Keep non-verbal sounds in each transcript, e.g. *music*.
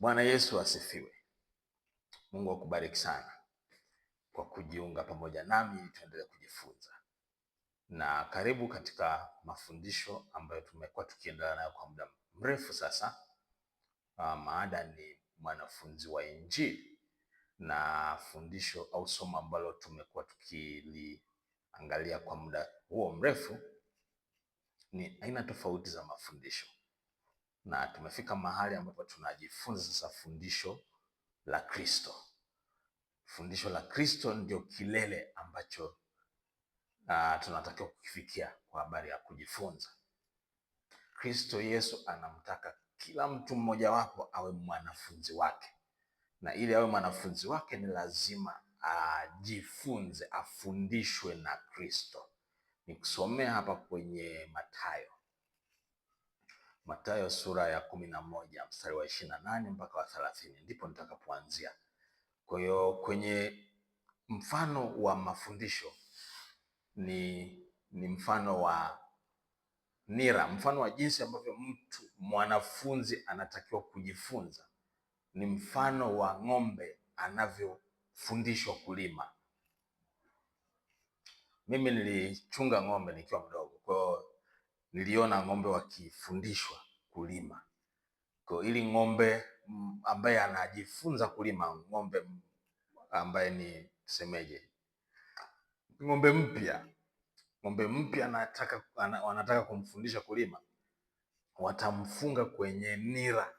Bwana Yesu asifiwe. Mungu akubariki sana kwa kujiunga pamoja nami, tuendelee kujifunza na karibu katika mafundisho ambayo tumekuwa tukiendelea nayo kwa muda mrefu sasa. Ah, maada ni mwanafunzi wa Injili na fundisho au somo ambalo tumekuwa tukiliangalia kwa muda huo mrefu ni aina tofauti za mafundisho na tumefika mahali ambapo tunajifunza sasa fundisho la Kristo. Fundisho la Kristo ndio kilele ambacho uh, tunatakiwa kukifikia kwa habari ya kujifunza. Kristo Yesu anamtaka kila mtu mmojawapo awe mwanafunzi wake, na ili awe mwanafunzi wake ni lazima ajifunze, afundishwe na Kristo. Nikusomea hapa kwenye Mathayo Mathayo sura ya kumi na moja mstari wa ishirini na nane mpaka wa thelathini ndipo nitakapoanzia. Kwa hiyo kwenye mfano wa mafundisho ni, ni mfano wa nira, mfano wa jinsi ambavyo mtu mwanafunzi anatakiwa kujifunza. Ni mfano wa ng'ombe anavyofundishwa kulima. Mimi nilichunga ng'ombe nikiwa mdogo, kwa hiyo niliona ng'ombe wakifundishwa kulima. Kwa ili ng'ombe mm, ambaye anajifunza kulima, ng'ombe mm, ambaye ni semeje, ng'ombe mpya, ng'ombe mpya anataka wanataka kumfundisha kulima, watamfunga kwenye nira.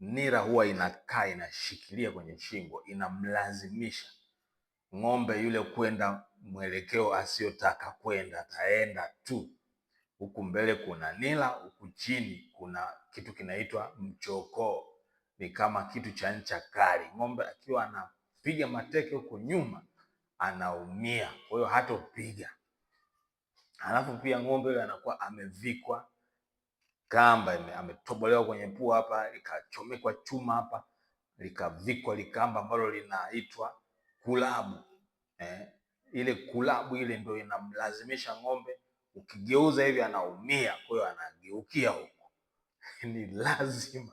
Nira huwa inakaa inashikilia kwenye shingo, inamlazimisha ng'ombe yule kwenda mwelekeo asiyotaka kwenda, ataenda tu huku mbele kuna nila, huku chini kuna kitu kinaitwa mchokoo, ni kama kitu cha ncha kali. Ng'ombe akiwa anapiga mateke huko nyuma anaumia, kwa hiyo hatopiga. Alafu pia ng'ombe yule anakuwa amevikwa kamba, ametobolewa kwenye pua hapa, likachomekwa chuma hapa, likavikwa likamba ambalo linaitwa kulabu eh. Ile kulabu ile ndio inamlazimisha ng'ombe ukigeuza hivi anaumia, kwa hiyo anageukia huko *laughs* ni lazima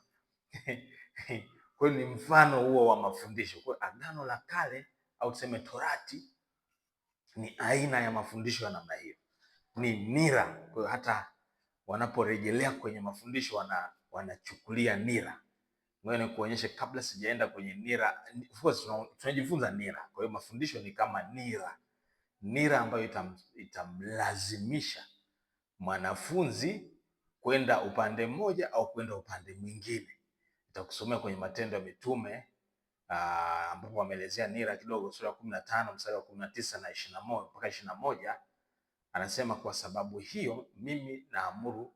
*laughs* kwa hiyo ni mfano huo wa mafundisho. Kwa hiyo Agano la Kale au tuseme Torati ni aina ya mafundisho ya namna hiyo, ni nira. Kwa hiyo hata wanaporejelea kwenye mafundisho wana, wanachukulia nira ni kuonyesha kabla sijaenda kwenye nira, of course tunajifunza nira. Kwa hiyo mafundisho ni kama nira nira ambayo itam, itamlazimisha mwanafunzi kwenda upande mmoja au kwenda upande mwingine. Nitakusomea kwenye Matendo ya Mitume ah, ambapo wameelezea nira kidogo, sura ya kumi na tano mstari wa kumi na tisa na ishirini na moja mpaka ishirini na moja Anasema, kwa sababu hiyo mimi naamuru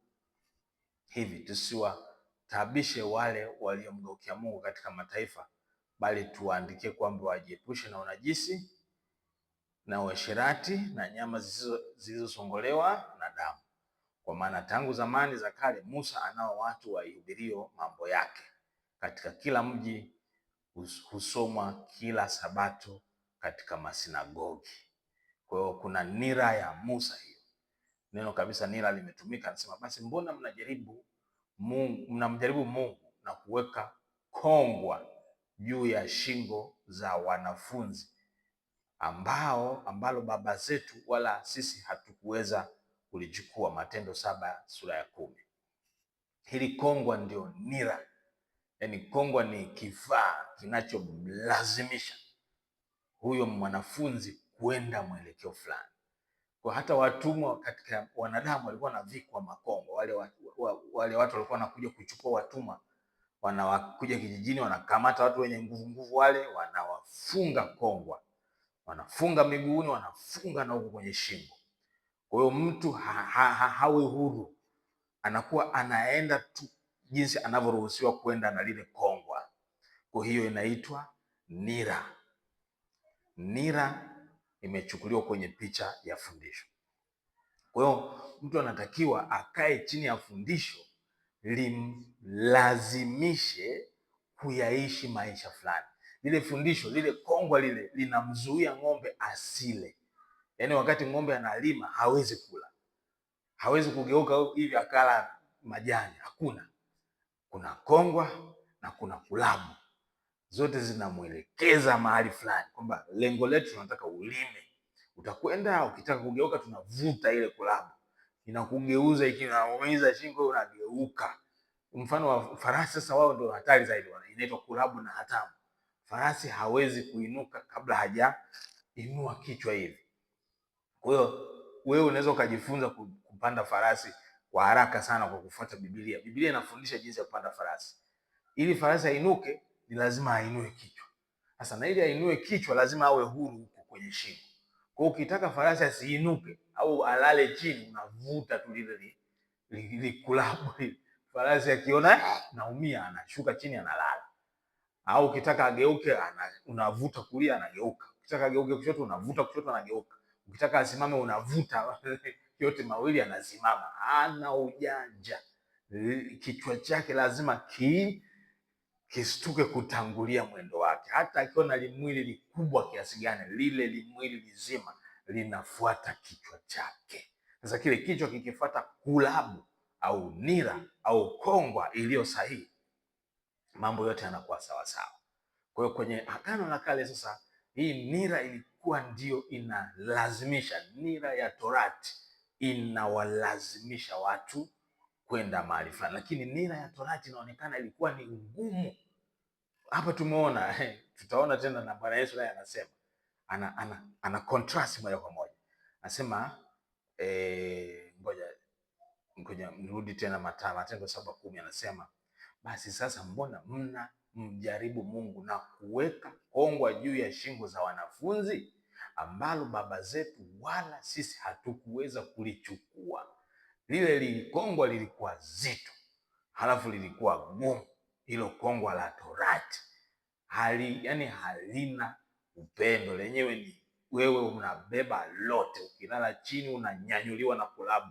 hivi, tusiwataabishe wale waliomgeukia Mungu katika mataifa, bali tuwaandikie kwamba wajiepushe na unajisi na uasherati na nyama zilizosongolewa na damu, kwa maana tangu zamani za kale Musa anao watu waihubirio mambo yake. Katika kila mji husomwa kila Sabato katika masinagogi. Kwa hiyo kuna nira ya Musa hiyo, neno kabisa nira limetumika. Anasema basi, mbona mnajaribu Mungu, mnamjaribu Mungu na kuweka kongwa juu ya shingo za wanafunzi ambao ambalo baba zetu wala sisi hatukuweza kulichukua. Matendo saba sura ya kumi. Hili kongwa ndio nira, yaani kongwa ni kifaa kinachomlazimisha huyo mwanafunzi kwenda mwelekeo fulani. Kwa hata watumwa katika wanadamu walikuwa wanavikwa makongo, Wale watu, wale watu walikuwa wanakuja kuchukua watumwa, wanawakuja kijijini, wanakamata watu wenye nguvu nguvu, wale wanawafunga kongwa wanafunga miguuni, wanafunga na huko kwenye shingo. Kwa hiyo mtu ha, ha, ha, hawe huru, anakuwa anaenda tu jinsi anavyoruhusiwa kwenda na lile kongwa. Kwa hiyo inaitwa nira. Nira imechukuliwa kwenye picha ya fundisho. Kwa hiyo mtu anatakiwa akae chini ya fundisho limlazimishe kuyaishi maisha fulani lile fundisho lile kongwa lile linamzuia ng'ombe asile. Yaani wakati ng'ombe analima hawezi kula, hawezi kugeuka hivi akala majani, hakuna. Kuna kongwa na kuna kulabu, zote zinamwelekeza mahali fulani kwamba lengo letu tunataka ulime. Utakwenda ukitaka kugeuka, tunavuta ile kulabu inakugeuza, ikiumiza shingo unageuka. Mfano wa farasi sasa, wao ndio hatari zaidi, inaitwa kulabu na hatamu farasi hawezi kuinuka kabla haja inua kichwa hivi. Kwa hiyo wewe unaweza ukajifunza kupanda farasi kwa haraka sana kwa kufuata Biblia. Biblia inafundisha jinsi ya kupanda farasi. Ili farasi ainuke ni lazima ainue kichwa. Sasa na ili ainue kichwa lazima awe huru huko kwenye shingo. Kwa hiyo ukitaka farasi asiinuke au alale chini unavuta tu lile lile kulabu. Farasi akiona naumia anashuka chini analala au ukitaka ageuke unavuta kulia, anageuka. Ukitaka ageuke kushoto, unavuta kushoto, anageuka. Ukitaka asimame, unavuta *laughs* yote mawili, anasimama. Ana ujanja, kichwa chake lazima ki kistuke kutangulia mwendo wake. Hata akiwa na limwili likubwa kiasi gani, lile limwili lizima linafuata kichwa chake. Sasa kile kichwa kikifuata kulabu au nira au kongwa iliyo sahihi mambo yote yanakuwa sawa sawa. Kwa hiyo kwenye Agano la Kale sasa hii nira ilikuwa ndiyo inalazimisha, nira ya Torati inawalazimisha watu kwenda mahali fulani, lakini nira ya Torati inaonekana ilikuwa ni ngumu. Hapa tumeona *laughs* tutaona tena na Bwana Yesu naye anasema ana, ana, ana contrast moja kwa moja anasema eh, ngoja ngoja nirudi tena Matendo saba kumi anasema basi sasa mbona mna mjaribu Mungu na kuweka kongwa juu ya shingo za wanafunzi ambalo baba zetu wala sisi hatukuweza kulichukua. Lile likongwa lilikuwa zito, halafu lilikuwa gumu. Hilo kongwa la Torati hali, yani halina upendo, lenyewe ni wewe unabeba lote, ukilala chini unanyanyuliwa na kulabu,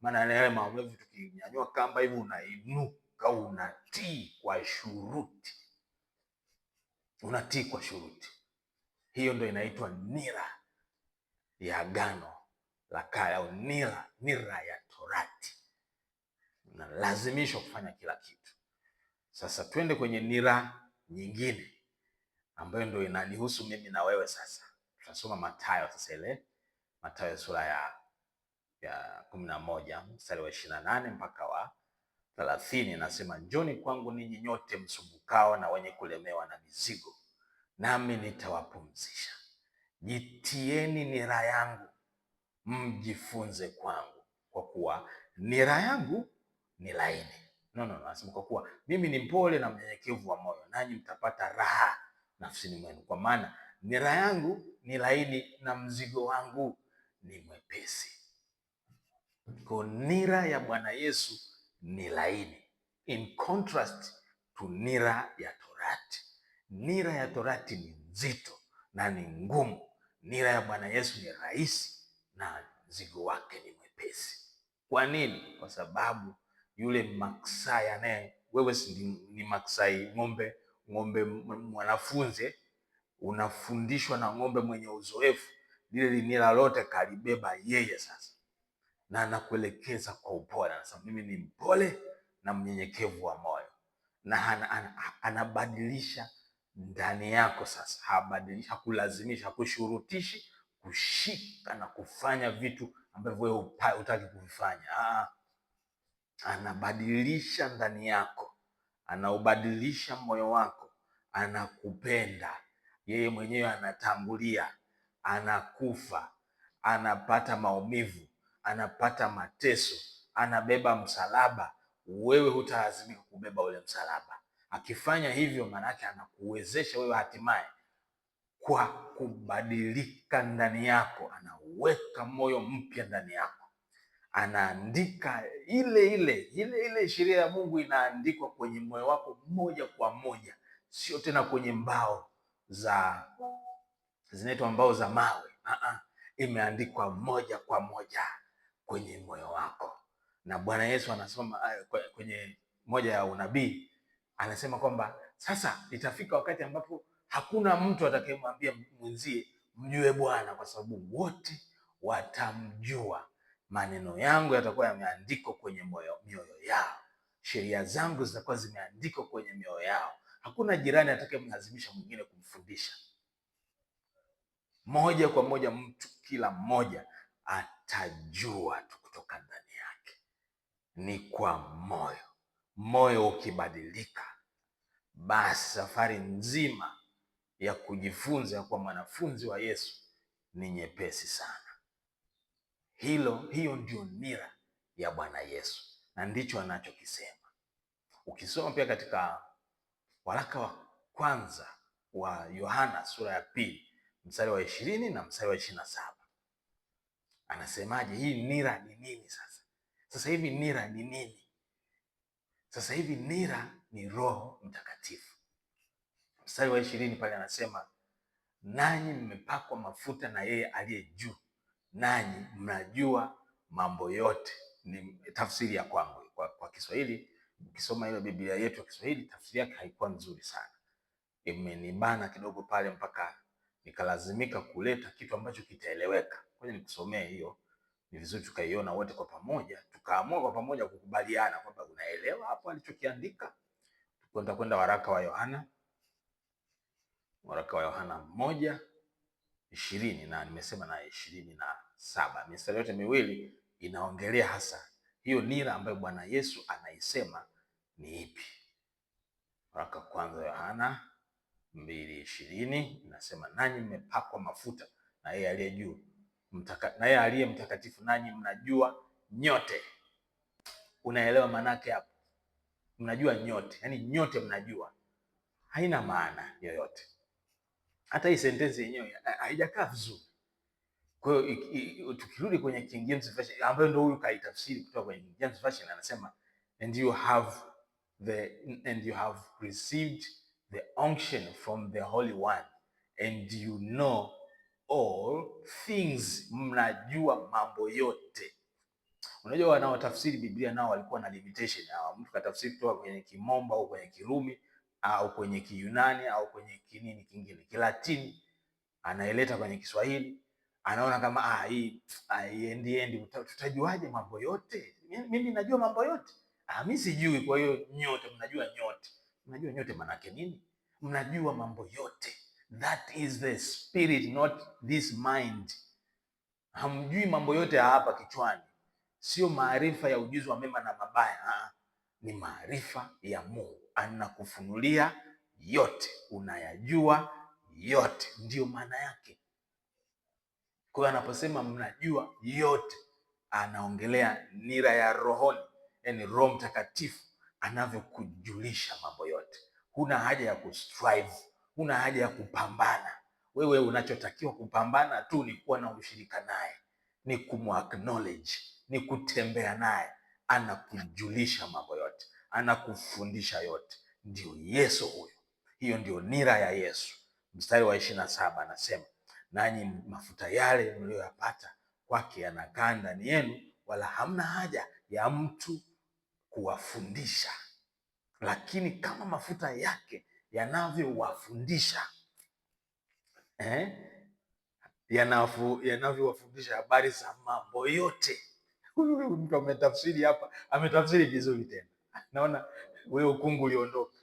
maana yale maumivu, tukinyanyua kamba hivi unainuka ukawa unatii kwa shuruti, unatii kwa shuruti. Hiyo ndo inaitwa nira ya agano la kale au nira, nira ya Torati. Unalazimishwa kufanya kila kitu. Sasa twende kwenye nira nyingine ambayo ndo inanihusu mimi na wewe. Sasa tutasoma Mathayo sasa, ile Mathayo sura ya ya kumi na moja mstari wa ishirini na nane mpaka wa thelathini nasema njoni kwangu ninyi nyote msumbukao na wenye kulemewa na mizigo, nami nitawapumzisha. Jitieni nira yangu mjifunze kwangu, kwa kuwa nira yangu ni laini. No, no, no, kwa kuwa mimi ni mpole na mnyenyekevu wa moyo, nanyi mtapata raha nafsini mwenu, kwa maana nira yangu ni laini na mzigo wangu ni mwepesi. Kwa nira ya Bwana Yesu ni laini, in contrast to nira ya torati. Nira ya torati ni nzito na ni ngumu. Nira ya Bwana Yesu ni rahisi na mzigo wake ni mwepesi. Kwa nini? Kwa sababu yule maksai anaye, wewe si ni maksai ng'ombe, ng'ombe mwanafunzi, unafundishwa na ng'ombe mwenye uzoefu, lile linira lote kalibeba yeye sasa na anakuelekeza kwa upole, anasema mimi ni mpole na mnyenyekevu wa moyo, na anabadilisha ndani yako. Sasa habadilisha, hakulazimishi, hakushurutishi kushika na kufanya vitu ambavyo wewe hutaki kuvifanya. Ah, anabadilisha ndani yako, anaubadilisha moyo wako, anakupenda yeye mwenyewe, anatangulia, anakufa, anapata maumivu anapata mateso, anabeba msalaba, wewe hutalazimika kubeba ule msalaba. Akifanya hivyo, maanake anakuwezesha wewe hatimaye kwa kubadilika ndani yako, anaweka moyo mpya ndani yako, anaandika ile ile ile ile sheria ya Mungu inaandikwa kwenye moyo wako moja kwa moja, sio tena kwenye mbao za zinaitwa mbao za mawe. Aha, ah. imeandikwa moja kwa moja kwenye moyo wako. Na Bwana Yesu anasoma ah, kwenye moja ya unabii anasema kwamba sasa itafika wakati ambapo hakuna mtu atakayemwambia mwenzie mjue Bwana, kwa sababu wote watamjua, maneno yangu yatakuwa yameandikwa kwenye moyo mioyo yao, sheria zangu zitakuwa zimeandikwa kwenye mioyo yao. Hakuna jirani atakayemlazimisha mwingine kumfundisha moja kwa moja, mtu kila mmoja atajua tu kutoka ndani yake. Ni kwa moyo. Moyo ukibadilika, basi safari nzima ya kujifunza kwa mwanafunzi wa Yesu ni nyepesi sana. Hilo, hiyo ndio nira ya Bwana Yesu na ndicho anachokisema. Ukisoma pia katika waraka wa kwanza wa Yohana sura ya pili mstari wa ishirini na mstari wa ishirini na saba anasemaje? Hii nira ni nini sasa? Sasa hivi nira ni nini? Sasa hivi nira ni Roho Mtakatifu. Mstari wa ishirini pale anasema, nanyi mmepakwa mafuta na yeye aliye juu, nanyi mnajua mambo yote. Ni tafsiri ya kwangu kwa, kwa Kiswahili. Ukisoma ile Biblia yetu ya Kiswahili tafsiri yake haikuwa nzuri sana, imenibana kidogo pale mpaka nikalazimika kuleta kitu ambacho kitaeleweka ngoja nikusomee hiyo, ni vizuri tukaiona wote kwa pamoja, tukaamua kwa pamoja kukubaliana kwamba unaelewa hapo alichokiandika. Tukwenda kwenda waraka wa Yohana, waraka wa Yohana moja ishirini na nimesema na ishirini na saba mistari yote miwili inaongelea hasa hiyo nira ambayo Bwana Yesu anaisema ni ipi? Waraka kwanza Yohana mbili ishirini inasema nanyi mmepakwa mafuta na yeye aliye juu na yeye aliye mtakatifu, nanyi mnajua nyote. Unaelewa maana yake hapo? Mnajua nyote, yani nyote mnajua, haina maana yoyote. Hata hii sentensi yenyewe haijakaa vizuri. Kwa hiyo tukirudi kwenye King James Version ambayo ndio huyu kaitafsiri kutoka kwenye King James Version, anasema and you have the and you have received the unction from the Holy One and you know all things, mnajua mambo yote. Unajua, wanaotafsiri Biblia nao walikuwa na limitation. Hawa mtu katafsiri kutoka kwenye Kimomba au kwenye Kirumi au kwenye Kiyunani au kwenye kinini kingine Kilatini, anaeleta kwenye Kiswahili, anaona kama ah, hii haiendi endi. Tutajuaje mambo yote? Mimi najua mambo yote, ah, mimi sijui. Kwa hiyo nyote mnajua, nyote mnajua, nyote maana yake nini? Mnajua mambo yote That is the spirit, not this mind. Hamjui mambo yote ya hapa kichwani, sio maarifa ya ujuzi wa mema na mabaya ha? Ah. Ni maarifa ya Mungu, anakufunulia yote, unayajua yote, ndiyo maana yake. Kwa hiyo anaposema mnajua yote, anaongelea nira ya rohoni, yani Roho Mtakatifu anavyokujulisha mambo yote. Huna haja ya kustrive huna haja ya kupambana. Wewe unachotakiwa kupambana tu ni kuwa na ushirika naye, ni kumacknowledge, ni kutembea naye, anakujulisha mambo yote, anakufundisha yote. Ndio Yesu huyo, hiyo ndio nira ya Yesu. Mstari wa ishirini na saba anasema nanyi mafuta yale mliyoyapata kwake yanakaa ndani yenu, wala hamna haja ya mtu kuwafundisha. Lakini kama mafuta yake yanavyowafundisha eh? yanavyowafundisha habari za mambo yote. *laughs* Huyu mtu ametafsiri hapa, ametafsiri vizuri tena, naona wewe ukungu uliondoka.